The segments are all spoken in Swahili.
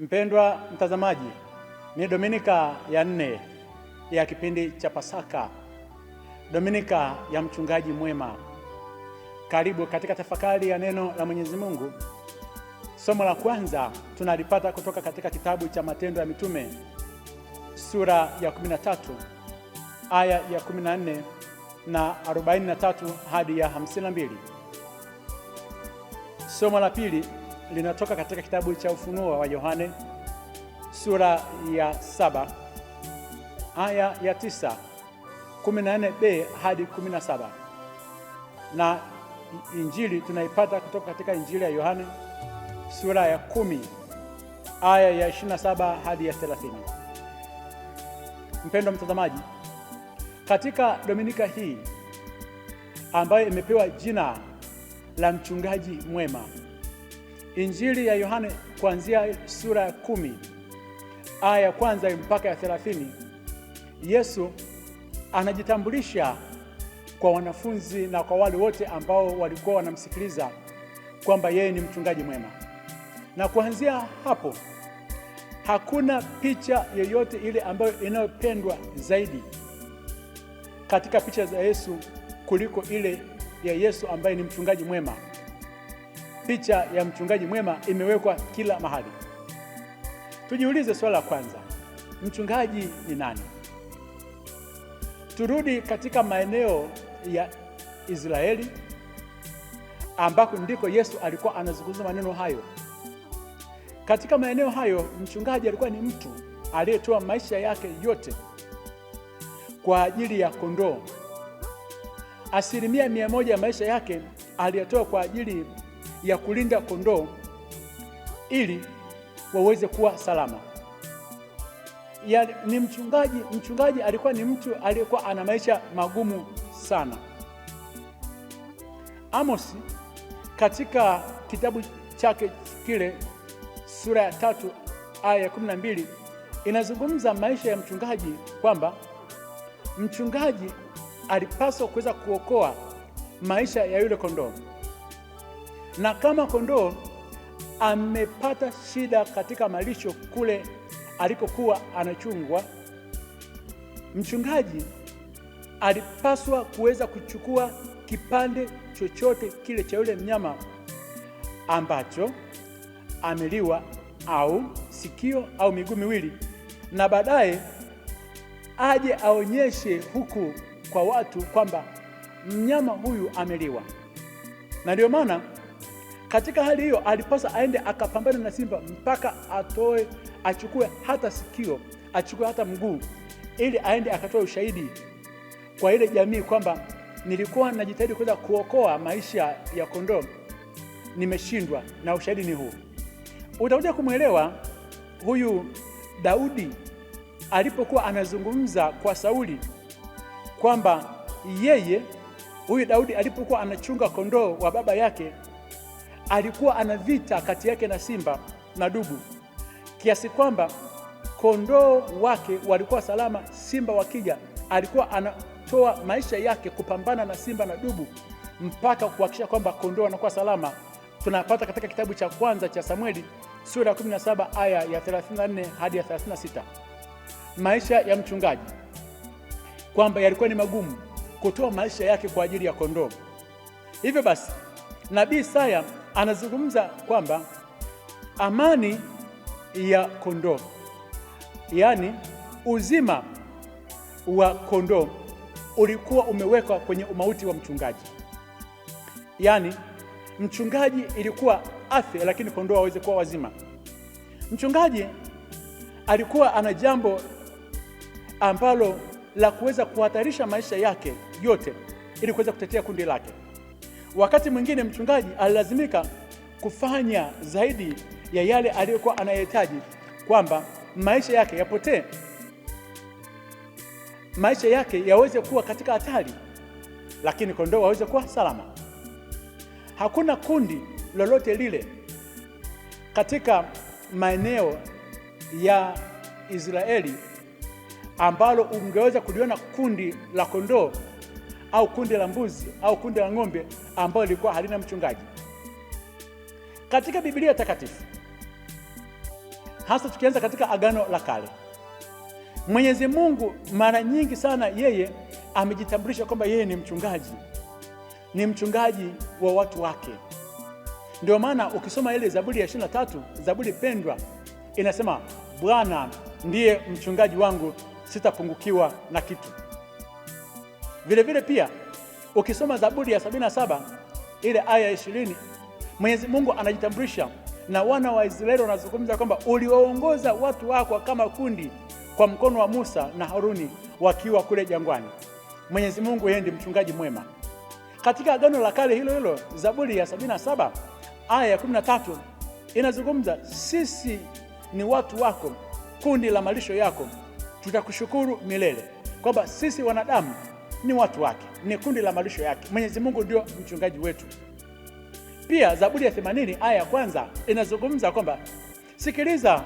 Mpendwa mtazamaji, ni Dominika ya nne ya kipindi cha Pasaka, Dominika ya mchungaji mwema. Karibu katika tafakari ya neno la Mwenyezi Mungu. Somo la kwanza tunalipata kutoka katika kitabu cha Matendo ya Mitume sura ya 13 aya ya 14 na 43 hadi ya 52. Somo la pili linatoka katika kitabu cha Ufunuo wa Yohane sura ya saba aya ya tisa 14b hadi 17 na Injili tunaipata kutoka katika Injili ya Yohane sura ya kumi aya ya 27 hadi ya 30. Mpendwa mtazamaji, katika Dominika hii ambayo imepewa jina la mchungaji mwema Injili ya Yohane kuanzia sura ya kumi aya ya kwanza mpaka ya thelathini Yesu anajitambulisha kwa wanafunzi na kwa wale wote ambao walikuwa wanamsikiliza kwamba yeye ni mchungaji mwema, na kuanzia hapo hakuna picha yoyote ile ambayo inayopendwa zaidi katika picha za Yesu kuliko ile ya Yesu ambaye ni mchungaji mwema picha ya mchungaji mwema imewekwa kila mahali. Tujiulize swali la kwanza, mchungaji ni nani? Turudi katika maeneo ya Israeli ambako ndiko Yesu alikuwa anazungumza maneno hayo. Katika maeneo hayo, mchungaji alikuwa ni mtu aliyetoa maisha yake yote kwa ajili ya kondoo. Asilimia mia moja ya maisha yake aliyatoa kwa ajili ya kulinda kondoo ili waweze kuwa salama. Ya, ni mchungaji mchungaji alikuwa ni mtu aliyekuwa ana maisha magumu sana. amos katika kitabu chake kile sura ya tatu aya ya kumi na mbili inazungumza maisha ya mchungaji kwamba mchungaji alipaswa kuweza kuokoa maisha ya yule kondoo na kama kondoo amepata shida katika malisho kule alikokuwa anachungwa, mchungaji alipaswa kuweza kuchukua kipande chochote kile cha yule mnyama ambacho ameliwa au sikio au miguu miwili, na baadaye aje aonyeshe huku kwa watu kwamba mnyama huyu ameliwa, na ndio maana katika hali hiyo alipasa aende akapambana na simba mpaka atoe, achukue hata sikio, achukue hata mguu, ili aende akatoe ushahidi kwa ile jamii kwamba nilikuwa najitahidi kuweza kuokoa maisha ya kondoo, nimeshindwa na ushahidi ni huu. Utakuja kumwelewa huyu Daudi alipokuwa anazungumza kwa Sauli kwamba yeye huyu Daudi alipokuwa anachunga kondoo wa baba yake alikuwa ana vita kati yake na simba na dubu, kiasi kwamba kondoo wake walikuwa salama. Simba wakija, alikuwa anatoa maisha yake kupambana na simba na dubu mpaka kuhakikisha kwamba kondoo wanakuwa salama. Tunapata katika kitabu cha kwanza cha Samueli sura ya 17 aya ya 34 hadi ya 36. Maisha ya mchungaji kwamba yalikuwa ni magumu, kutoa maisha yake kwa ajili ya kondoo. Hivyo basi nabii Isaya anazungumza kwamba amani ya kondoo, yaani uzima wa kondoo ulikuwa umewekwa kwenye umauti wa mchungaji, yaani mchungaji ilikuwa afya, lakini kondoo aweze kuwa wazima. Mchungaji alikuwa ana jambo ambalo la kuweza kuhatarisha maisha yake yote ili kuweza kutetea kundi lake. Wakati mwingine mchungaji alilazimika kufanya zaidi ya yale aliyokuwa anayehitaji, kwamba maisha yake yapotee, maisha yake yaweze kuwa katika hatari, lakini kondoo waweze kuwa salama. Hakuna kundi lolote lile katika maeneo ya Israeli ambalo ungeweza kuliona kundi la kondoo au kundi la mbuzi au kundi la ng'ombe ambalo lilikuwa halina mchungaji. Katika Biblia Takatifu, hasa tukianza katika Agano la Kale, Mwenyezi Mungu mara nyingi sana yeye amejitambulisha kwamba yeye ni mchungaji, ni mchungaji wa watu wake. Ndio maana ukisoma ile Zaburi ya 23, Zaburi pendwa, inasema Bwana ndiye mchungaji wangu, sitapungukiwa na kitu. Vile vile pia ukisoma Zaburi ya 77 ile aya ya 20, Mwenyezi Mungu anajitambulisha na wana wa Israeli wanazungumza kwamba uliwaongoza watu wako kama kundi kwa mkono wa Musa na Haruni wakiwa kule jangwani. Mwenyezi Mungu yeye ndiye mchungaji mwema. Katika Agano la Kale hilo hilo, Zaburi ya 77 aya ya 13 inazungumza, sisi ni watu wako, kundi la malisho yako, tutakushukuru milele, kwamba sisi wanadamu ni watu wake, ni kundi la malisho yake. Mwenyezi Mungu ndio mchungaji wetu. Pia Zaburi ya 80 aya ya kwanza inazungumza kwamba sikiliza,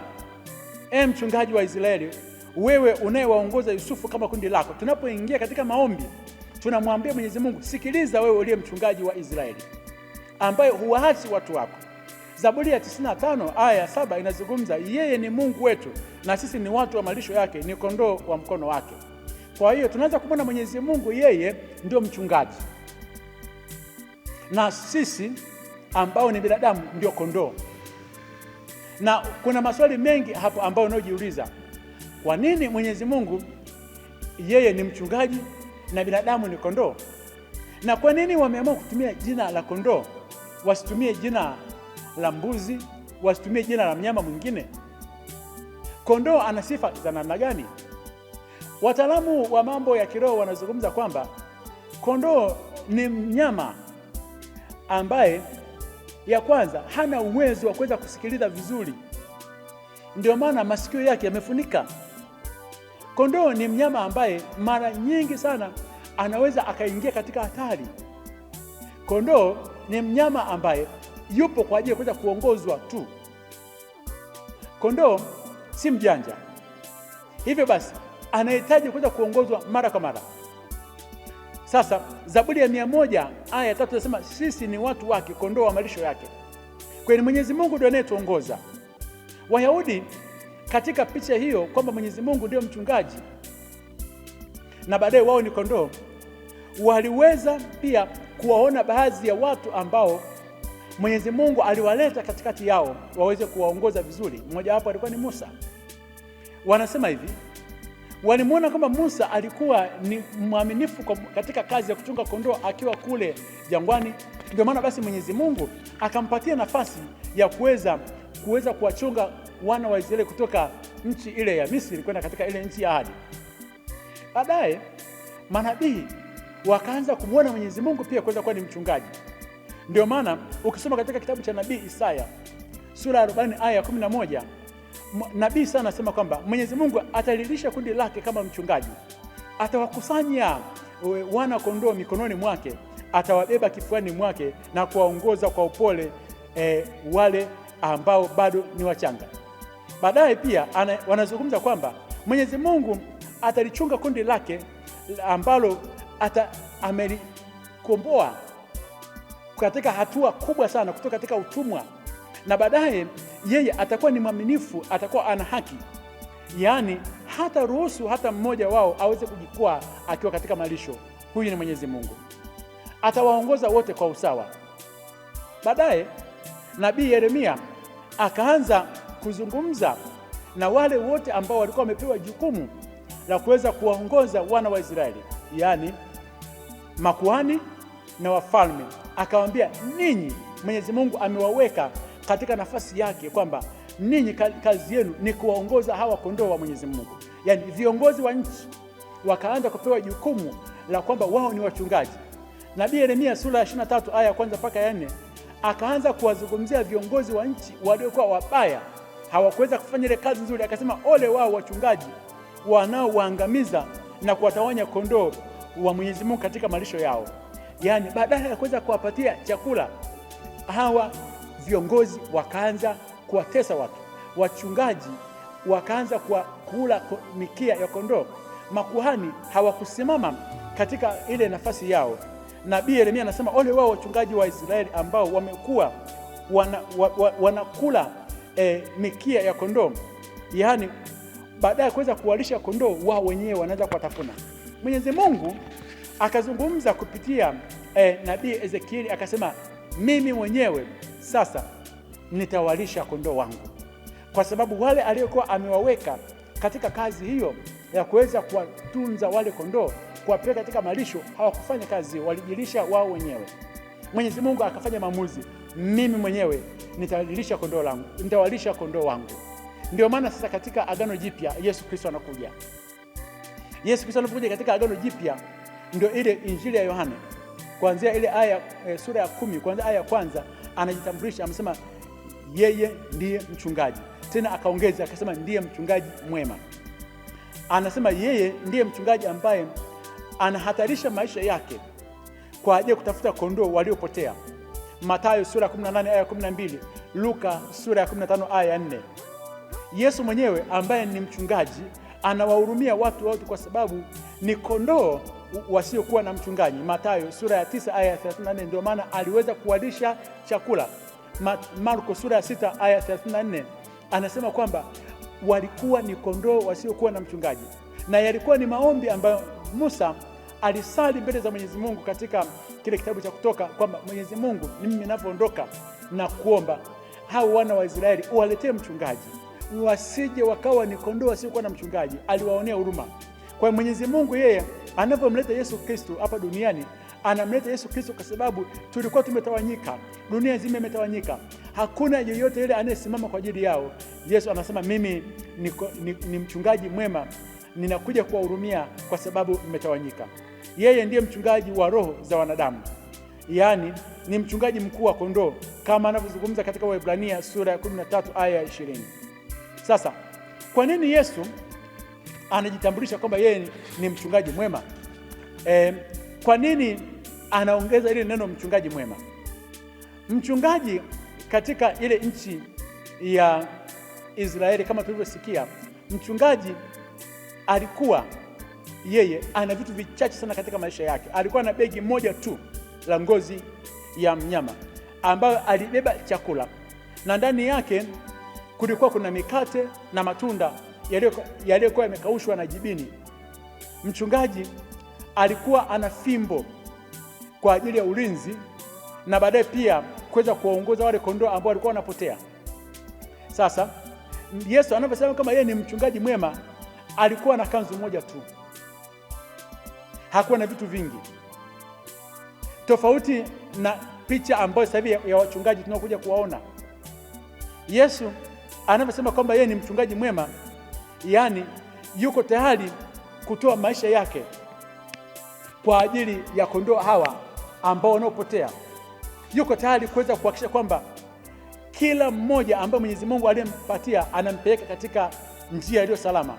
e mchungaji wa Israeli, wewe unayewaongoza Yusufu kama kundi lako. Tunapoingia katika maombi, tunamwambia Mwenyezi Mungu, sikiliza, wewe uliye mchungaji wa Israeli ambaye huwaasi watu wako. Zaburi ya 95 aya ya saba inazungumza, yeye ni Mungu wetu na sisi ni watu wa malisho yake, ni kondoo wa mkono wake. Kwa hiyo tunaweza kumwona Mwenyezi Mungu, yeye ndio mchungaji na sisi ambao ni binadamu ndio kondoo. Na kuna maswali mengi hapo ambayo unaojiuliza, kwa nini Mwenyezi Mungu yeye ni mchungaji na binadamu ni kondoo? Na kwa nini wameamua kutumia jina la kondoo, wasitumie jina la mbuzi, wasitumie jina la mnyama mwingine? Kondoo ana sifa za namna gani? Wataalamu wa mambo ya kiroho wanazungumza kwamba kondoo ni mnyama ambaye ya kwanza hana uwezo wa kuweza kusikiliza vizuri, ndio maana masikio yake yamefunika. Kondoo ni mnyama ambaye mara nyingi sana anaweza akaingia katika hatari. Kondoo ni mnyama ambaye yupo kwa ajili ya kuweza kuongozwa tu. Kondoo si mjanja. Hivyo basi anahitaji kuweza kuongozwa mara kwa mara. Sasa Zaburi ya mia moja aya ya tatu nasema sisi ni watu wake, kondoo wa malisho yake. Kwa ni Mwenyezi Mungu ndio anayetuongoza. Wayahudi katika picha hiyo kwamba Mwenyezi Mungu ndio mchungaji na baadaye wao ni kondoo, waliweza pia kuwaona baadhi ya watu ambao Mwenyezi Mungu aliwaleta katikati yao waweze kuwaongoza vizuri. Mmojawapo alikuwa ni Musa. Wanasema hivi walimwona kwamba Musa alikuwa ni mwaminifu katika kazi ya kuchunga kondoo akiwa kule jangwani. Ndio maana basi Mwenyezi Mungu akampatia nafasi ya kuweza kuweza kuwachunga wana wa Israeli kutoka nchi ile ya Misri kwenda katika ile nchi ya ahadi. Baadaye manabii wakaanza kumwona Mwenyezi Mungu pia kuweza kuwa ni mchungaji. Ndio maana ukisoma katika kitabu cha nabii Isaya sura ya 40 aya ya 11 nabii sana anasema kwamba Mwenyezi Mungu atalilisha kundi lake kama mchungaji, atawakusanya e, wana kondoo mikononi mwake, atawabeba kifuani mwake na kuwaongoza kwa upole e, wale ambao bado ni wachanga. Baadaye pia ana, wanazungumza kwamba Mwenyezi Mungu atalichunga kundi lake ambalo ata amelikomboa katika hatua kubwa sana kutoka katika utumwa na baadaye yeye atakuwa ni mwaminifu, atakuwa ana haki, yaani hata ruhusu hata mmoja wao aweze kujikwaa akiwa katika malisho. Huyu ni Mwenyezi Mungu, atawaongoza wote kwa usawa. Baadaye nabii Yeremia akaanza kuzungumza na wale wote ambao walikuwa wamepewa jukumu la kuweza kuwaongoza wana wa Israeli, yaani makuhani na wafalme, akawaambia ninyi Mwenyezi Mungu amewaweka katika nafasi yake kwamba ninyi kazi yenu ni kuwaongoza hawa kondoo wa Mwenyezi Mungu. Yaani viongozi wa nchi wakaanza kupewa jukumu la kwamba wao ni wachungaji. Nabii Yeremia sura ya 23 aya ya kwanza mpaka ya nne akaanza kuwazungumzia viongozi wa nchi waliokuwa wabaya, hawakuweza kufanya ile kazi nzuri. Akasema ole wao wachungaji wanaowaangamiza na kuwatawanya kondoo wa Mwenyezi Mungu katika malisho yao. Yaani badala ya kuweza kuwapatia chakula hawa viongozi wakaanza kuwatesa watu, wachungaji wakaanza kwa kula mikia ya kondoo, makuhani hawakusimama katika ile nafasi yao. Nabii Yeremia anasema ole wao wachungaji wa Israeli ambao wamekuwa wanakula wana, wana e, mikia ya kondoo, yaani baadaye kuweza kuwalisha kondoo wao wenyewe wanaweza kuwatafuna. Mwenyezi Mungu akazungumza kupitia e, nabii Ezekieli akasema mimi mwenyewe sasa nitawalisha kondoo wangu, kwa sababu wale aliyokuwa amewaweka katika kazi hiyo ya kuweza kuwatunza wale kondoo, kuwapeleka katika malisho, hawakufanya kazi walijilisha wao wenyewe. Mwenyezi Mungu akafanya maamuzi, mimi mwenyewe nitawalisha kondoo langu, nitawalisha kondoo wangu. Ndio maana sasa katika Agano Jipya Yesu Kristo anakuja. Yesu Kristo anapokuja katika Agano Jipya, ndio ile Injili ya Yohana kuanzia ile aya e, sura ya kumi kuanzia aya ya kwanza anajitambulisha, amesema yeye ndiye mchungaji, tena akaongeza akasema ndiye mchungaji mwema. Anasema yeye ndiye mchungaji ambaye anahatarisha maisha yake kwa ajili ya kutafuta kondoo waliopotea. Mathayo sura ya 18 aya 12, Luka sura ya 15 aya 4. Yesu mwenyewe ambaye ni mchungaji anawahurumia watu wote kwa sababu ni kondoo wasiokuwa na mchungaji. Mathayo sura ya 9 aya ya 34. Ndio maana aliweza kuwalisha chakula. Marko sura ya 6 aya ya 34 anasema kwamba walikuwa ni kondoo wasiokuwa na mchungaji, na yalikuwa ni maombi ambayo Musa alisali mbele za Mwenyezi Mungu katika kile kitabu cha Kutoka kwamba Mwenyezi Mungu, mimi ninapoondoka na kuomba hao wana wa Israeli uwaletee mchungaji wasije wakawa ni kondoo wasiokuwa na mchungaji. Aliwaonea huruma. Kwa Mwenyezi Mungu yeye anavyomleta Yesu Kristo hapa duniani anamleta Yesu Kristo kwa sababu tulikuwa tumetawanyika, dunia nzima imetawanyika, hakuna yeyote yule anayesimama kwa ajili yao. Yesu anasema mimi ni, ni, ni mchungaji mwema, ninakuja kuwahurumia kwa sababu mmetawanyika. Yeye ndiye mchungaji wa roho za wanadamu, yaani ni mchungaji mkuu wa kondoo kama anavyozungumza katika Waebrania sura ya 13 aya ya 20. Sasa kwa nini Yesu anajitambulisha kwamba yeye ni mchungaji mwema? E, kwa nini anaongeza ile neno mchungaji mwema? Mchungaji katika ile nchi ya Israeli kama tulivyosikia, mchungaji alikuwa yeye ana vitu vichache sana katika maisha yake. Alikuwa na begi moja tu la ngozi ya mnyama ambayo alibeba chakula na ndani yake kulikuwa kuna mikate na matunda yaliyokuwa yamekaushwa na jibini. Mchungaji alikuwa ana fimbo kwa ajili ya ulinzi na baadaye pia kuweza kuwaongoza wale kondoo ambao walikuwa wanapotea. Sasa Yesu anaposema kama yeye ni mchungaji mwema, alikuwa na kanzu moja tu, hakuwa na vitu vingi, tofauti na picha ambayo sasa hivi ya wachungaji tunaokuja kuwaona Yesu anavyosema kwamba yeye ni mchungaji mwema, yaani yuko tayari kutoa maisha yake kwa ajili ya kondoo hawa ambao wanaopotea. Yuko tayari kuweza kuhakikisha kwamba kila mmoja ambaye Mwenyezi Mungu aliyempatia anampeleka katika njia iliyo salama.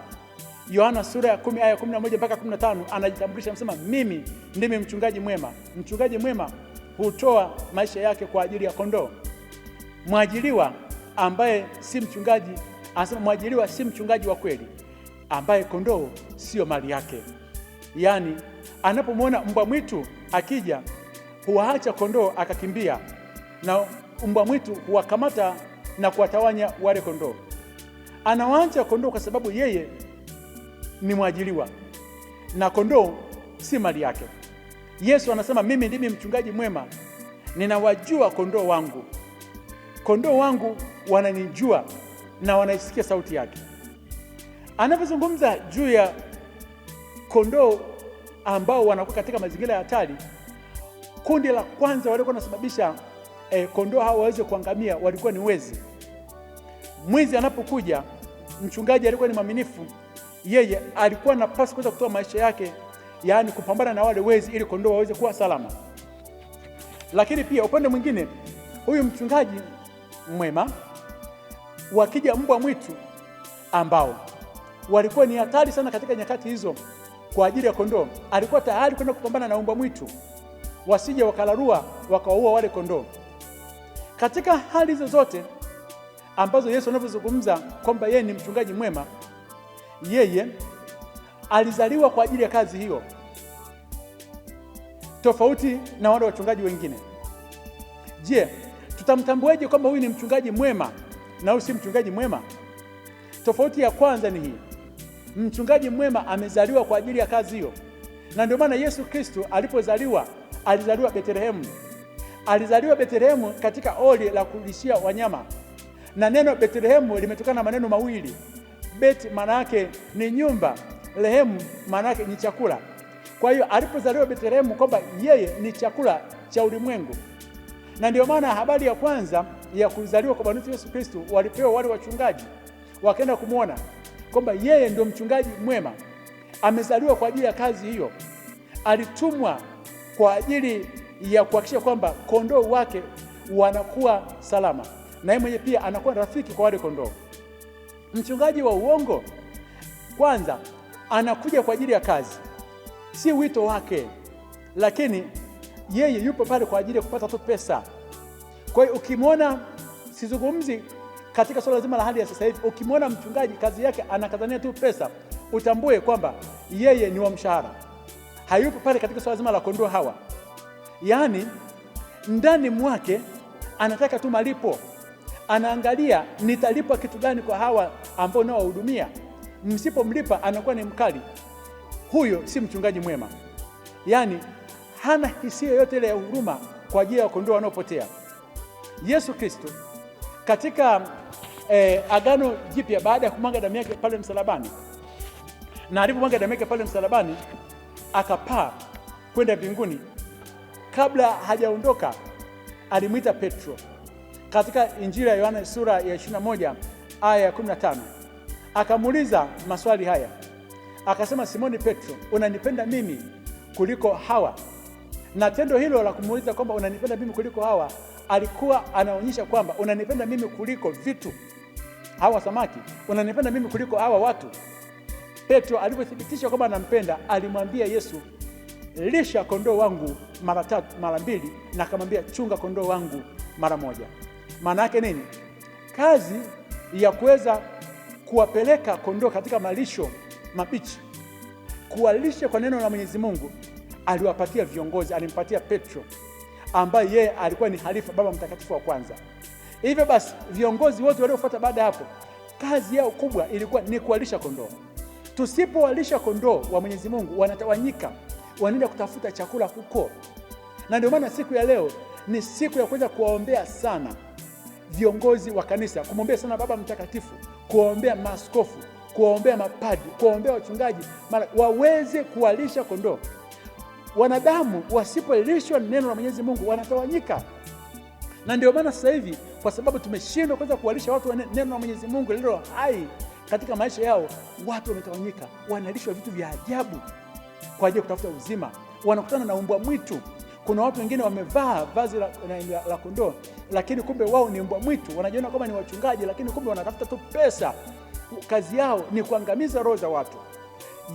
Yohana sura ya 10 aya 11 mpaka 15, anajitambulisha anasema, mimi ndimi mchungaji mwema. Mchungaji mwema hutoa maisha yake kwa ajili ya kondoo. Mwajiliwa ambaye si mchungaji, anasema mwajiriwa si mchungaji wa kweli, ambaye kondoo siyo mali yake. Yaani, anapomwona mbwa mwitu akija, huwaacha kondoo akakimbia, na mbwa mwitu huwakamata na kuwatawanya wale kondoo. Anawaacha kondoo kwa sababu yeye ni mwajiriwa na kondoo si mali yake. Yesu anasema mimi ndimi mchungaji mwema, ninawajua kondoo wangu, kondoo wangu wananijua na wanaisikia sauti yake. Anavyozungumza juu ya kondoo ambao wanakuwa katika mazingira ya hatari, kundi la kwanza waliokuwa wanasababisha eh, kondoo hao waweze kuangamia walikuwa ni wezi. Mwizi anapokuja, mchungaji alikuwa ni mwaminifu, yeye alikuwa anapaswa kuweza kutoa maisha yake, yaani kupambana na wale wezi ili kondoo waweze kuwa salama. Lakini pia upande mwingine, huyu mchungaji mwema wakija mbwa mwitu ambao walikuwa ni hatari sana katika nyakati hizo kwa ajili ya kondoo, alikuwa tayari kwenda kupambana na mbwa mwitu wasije wakalarua wakawaua wale kondoo. Katika hali hizo zote ambazo Yesu anavyozungumza kwamba yeye ni mchungaji mwema, yeye alizaliwa kwa ajili ya kazi hiyo, tofauti na wale wachungaji wengine. Je, tutamtambuaje kwamba huyu ni mchungaji mwema na si mchungaji mwema. Tofauti ya kwanza ni hii, mchungaji mwema amezaliwa kwa ajili ya kazi hiyo, na ndio maana Yesu Kristo alipozaliwa alizaliwa Betlehemu. Alizaliwa Betlehemu katika oli la kulishia wanyama, na neno Betlehemu limetokana na maneno mawili, bet maana yake ni nyumba, lehemu maana yake ni chakula. Kwa hiyo alipozaliwa Betlehemu, kwamba yeye ni chakula cha ulimwengu, na ndio maana habari ya kwanza ya kuzaliwa kwa Bwana Yesu Kristo walipewa wale wachungaji, wakaenda kumwona kwamba yeye ndio mchungaji mwema, amezaliwa kwa ajili ya kazi hiyo, alitumwa kwa ajili ya kuhakikisha kwamba kondoo wake wanakuwa salama, na yeye mwenyewe pia anakuwa rafiki kwa wale kondoo. Mchungaji wa uongo kwanza anakuja kwa ajili ya kazi, si wito wake, lakini yeye yupo pale kwa ajili ya kupata tu pesa. Kwa hiyo ukimwona, sizungumzi katika swala zima la hali ya sasa hivi, ukimwona mchungaji kazi yake anakazania tu pesa, utambue kwamba yeye ni wa mshahara, hayupo pale katika swala zima la kondoo hawa. Yaani ndani mwake anataka tu malipo, anaangalia nitalipwa kitu gani kwa hawa ambao nao wahudumia. Msipomlipa anakuwa ni mkali. Huyo si mchungaji mwema, yaani hana hisia yoyote ile ya huruma kwa ajili ya kondoo wanaopotea. Yesu Kristo katika eh, Agano Jipya baada ya kumwaga damu yake pale msalabani, na alipomwaga damu yake pale msalabani akapaa kwenda mbinguni, kabla hajaondoka alimwita Petro katika Injili ya Yohana sura ya 21 aya ya 15 akamuuliza maswali haya, akasema Simoni Petro, unanipenda mimi kuliko hawa na tendo hilo la kumuuliza kwamba unanipenda mimi kuliko hawa, alikuwa anaonyesha kwamba unanipenda mimi kuliko vitu, hawa samaki, unanipenda mimi kuliko hawa watu. Petro alipothibitisha kwamba anampenda, alimwambia Yesu, lisha kondoo wangu mara tatu, mara mbili, na akamwambia chunga kondoo wangu mara moja. Maana yake nini? Kazi ya kuweza kuwapeleka kondoo katika malisho mabichi, kuwalisha kwa neno la Mwenyezi Mungu aliwapatia viongozi, alimpatia Petro ambaye yeye alikuwa ni halifa, baba mtakatifu wa kwanza. Hivyo basi viongozi wote waliofuata baada ya hapo, kazi yao kubwa ilikuwa ni kuwalisha kondoo. Tusipowalisha kondoo wa Mwenyezi Mungu, wanatawanyika, wanaenda kutafuta chakula huko, na ndio maana siku ya leo ni siku ya kuweza kuwaombea sana viongozi wa kanisa, kumwombea sana baba mtakatifu, kuwaombea maaskofu, kuwaombea mapadi, kuwaombea wachungaji, waweze kuwalisha kondoo. Wanadamu wasipolishwa neno la Mwenyezi Mungu wanatawanyika, na ndio maana sasa hivi, kwa sababu tumeshindwa kuweza kuwalisha watu neno la Mwenyezi Mungu lililo hai katika maisha yao, watu wametawanyika, wanalishwa vitu vya ajabu kwa ajili ya kutafuta uzima, wanakutana na umbwa mwitu. Kuna watu wengine wamevaa vazi la, la, la, la kondoo, lakini kumbe wao ni mbwa mwitu. Wanajiona kwamba ni wachungaji, lakini kumbe wanatafuta tu pesa. Kazi yao ni kuangamiza roho za watu.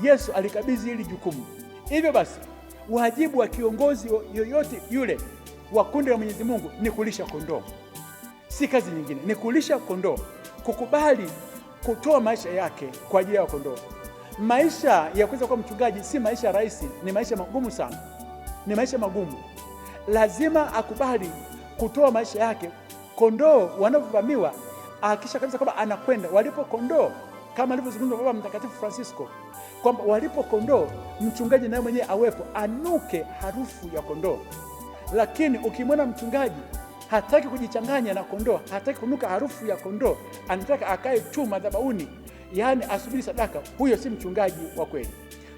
Yesu alikabidhi hili jukumu. Hivyo basi wajibu wa kiongozi yoyote yule wa kundi la Mwenyezi Mungu ni kulisha kondoo, si kazi nyingine, ni kulisha kondoo, kukubali kutoa maisha yake kwa ajili ya kondoo. Maisha ya kuweza kuwa mchungaji si maisha rahisi, ni maisha magumu sana, ni maisha magumu. Lazima akubali kutoa maisha yake. Kondoo wanapovamiwa ahakisha kabisa kwamba anakwenda walipo kondoo kama alivyozungumza Baba Mtakatifu Francisco kwamba walipo kondoo, mchungaji naye mwenyewe awepo, anuke harufu ya kondoo. Lakini ukimwona mchungaji hataki kujichanganya na kondoo, hataki kunuka harufu ya kondoo, anataka akae tu madhabahuni, yaani asubiri sadaka, huyo si mchungaji wa kweli.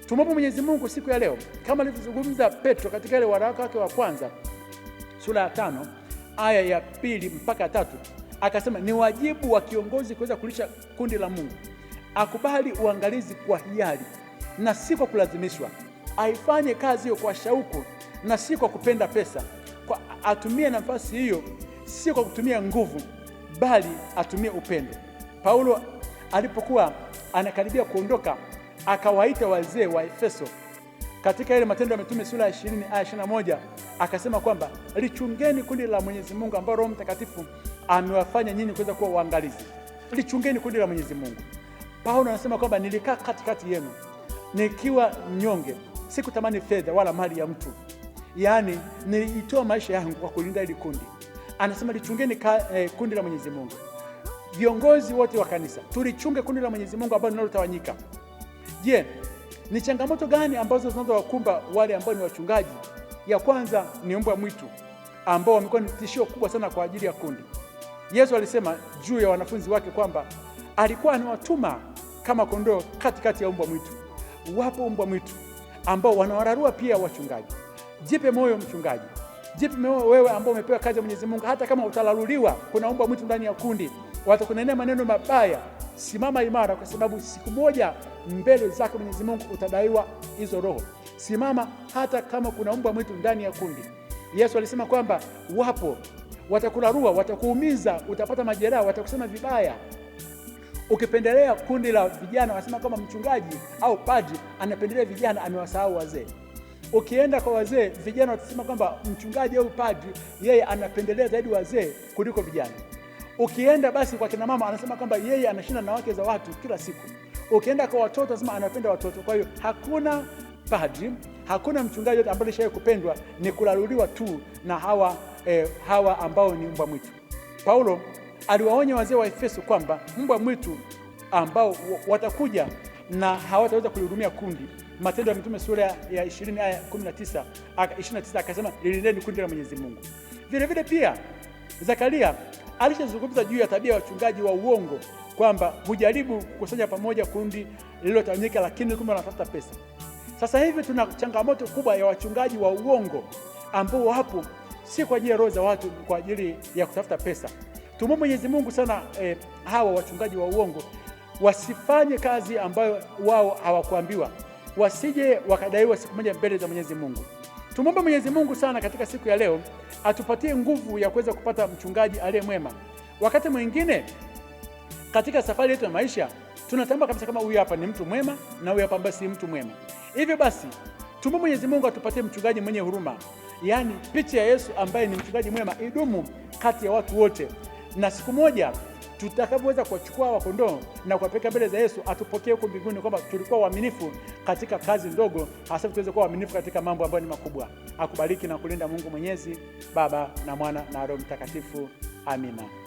Tumwombe Mwenyezi Mungu siku ya leo, kama alivyozungumza Petro katika ile waraka wake wa kwanza sura ya tano aya ya pili mpaka tatu akasema ni wajibu wa kiongozi kuweza kulisha kundi la Mungu akubali uangalizi kwa hiari na si kwa kulazimishwa, aifanye kazi hiyo kwa shauku na si kwa kupenda pesa kwa, atumie nafasi hiyo si kwa kutumia nguvu, bali atumie upendo. Paulo alipokuwa anakaribia kuondoka, akawaita wazee wa Efeso katika ile Matendo ya Mitume sura ya 20 aya 21, akasema kwamba lichungeni kundi la Mwenyezi Mungu ambao Roho Mtakatifu amewafanya nyinyi kuweza kuwa waangalizi. Lichungeni kundi la Mwenyezi Mungu. Paulo anasema kwamba nilikaa katikati yenu nikiwa mnyonge, sikutamani fedha wala mali ya mtu, yaani nilitoa maisha yangu kwa kulinda hili kundi. Anasema lichungeni eh, kundi la Mwenyezi Mungu. Viongozi wote wa kanisa tulichunge kundi la Mwenyezi Mungu ambalo linalotawanyika. Je, ni changamoto gani ambazo zinazowakumba wale ambao ni wachungaji? Ya kwanza ni mbwa mwitu ambao wamekuwa ni tishio kubwa sana kwa ajili ya kundi. Yesu alisema juu ya wanafunzi wake kwamba alikuwa anawatuma kama kondoo katikati ya mbwa mwitu. Wapo mbwa mwitu ambao wanawararua pia wachungaji. Jipe moyo mchungaji, jipe moyo wewe ambao umepewa kazi ya Mwenyezi Mungu. Hata kama utalaluliwa, kuna mbwa mwitu ndani ya kundi, watakunenea maneno mabaya. Simama imara, kwa sababu siku moja mbele zake Mwenyezi Mungu utadaiwa hizo roho. Simama hata kama kuna mbwa mwitu ndani ya kundi. Yesu alisema kwamba wapo watakularua, watakuumiza, utapata majeraha, watakusema vibaya, Ukipendelea kundi la vijana, wanasema kama mchungaji au padri anapendelea vijana, amewasahau wazee. Ukienda kwa wazee, vijana watasema kwamba mchungaji au padri yeye anapendelea zaidi wazee kuliko vijana. Ukienda basi kwa kina mama, anasema kwamba yeye anashinda na wake za watu kila siku. Ukienda kwa watoto, anasema anapenda watoto. Kwa hiyo hakuna padri, hakuna mchungaji yote ambaye lishawahi kupendwa, ni kulaluliwa tu na hawa eh, hawa ambao ni mbwa mwitu. Paulo aliwaonya wazee wa Efeso kwamba mbwa mwitu ambao watakuja na hawataweza kulihudumia kundi. Matendo ya Mitume sura ya 20 aya 19 29, akasema lilindeni kundi la Mwenyezi Mungu. Vilevile pia Zakaria alishazungumza juu ya tabia ya wachungaji wa uongo kwamba hujaribu kukusanya pamoja kundi lililotawanyika, lakini kumbe wanatafuta pesa. Sasa hivi tuna changamoto kubwa ya wachungaji wa uongo ambao wapo si kwa ajili ya roho za watu, kwa ajili ya kutafuta pesa. Tuombe Mwenyezi Mungu sana eh, hawa wachungaji wa uongo wasifanye kazi ambayo wao hawakuambiwa, wasije wakadaiwa siku moja mbele za Mwenyezi Mungu. Tumwombe Mwenyezi Mungu sana katika siku ya leo atupatie nguvu ya kuweza kupata mchungaji aliye mwema. Wakati mwingine katika safari yetu ya maisha tunatamba kabisa kama huyu hapa ni mtu mwema na huyu hapa ambaye si mtu mwema. Hivyo basi tumwombe Mwenyezi Mungu atupatie mchungaji mwenye huruma, yaani picha ya Yesu ambaye ni mchungaji mwema idumu kati ya watu wote na siku moja tutakapoweza kuwachukua wakondoo na kuwapeleka mbele za Yesu, atupokee huko mbinguni, kwamba tulikuwa waaminifu katika kazi ndogo, hasa tuweze kuwa waaminifu katika mambo ambayo ni makubwa. Akubariki na kulinda Mungu Mwenyezi, Baba na Mwana na Roho Mtakatifu. Amina.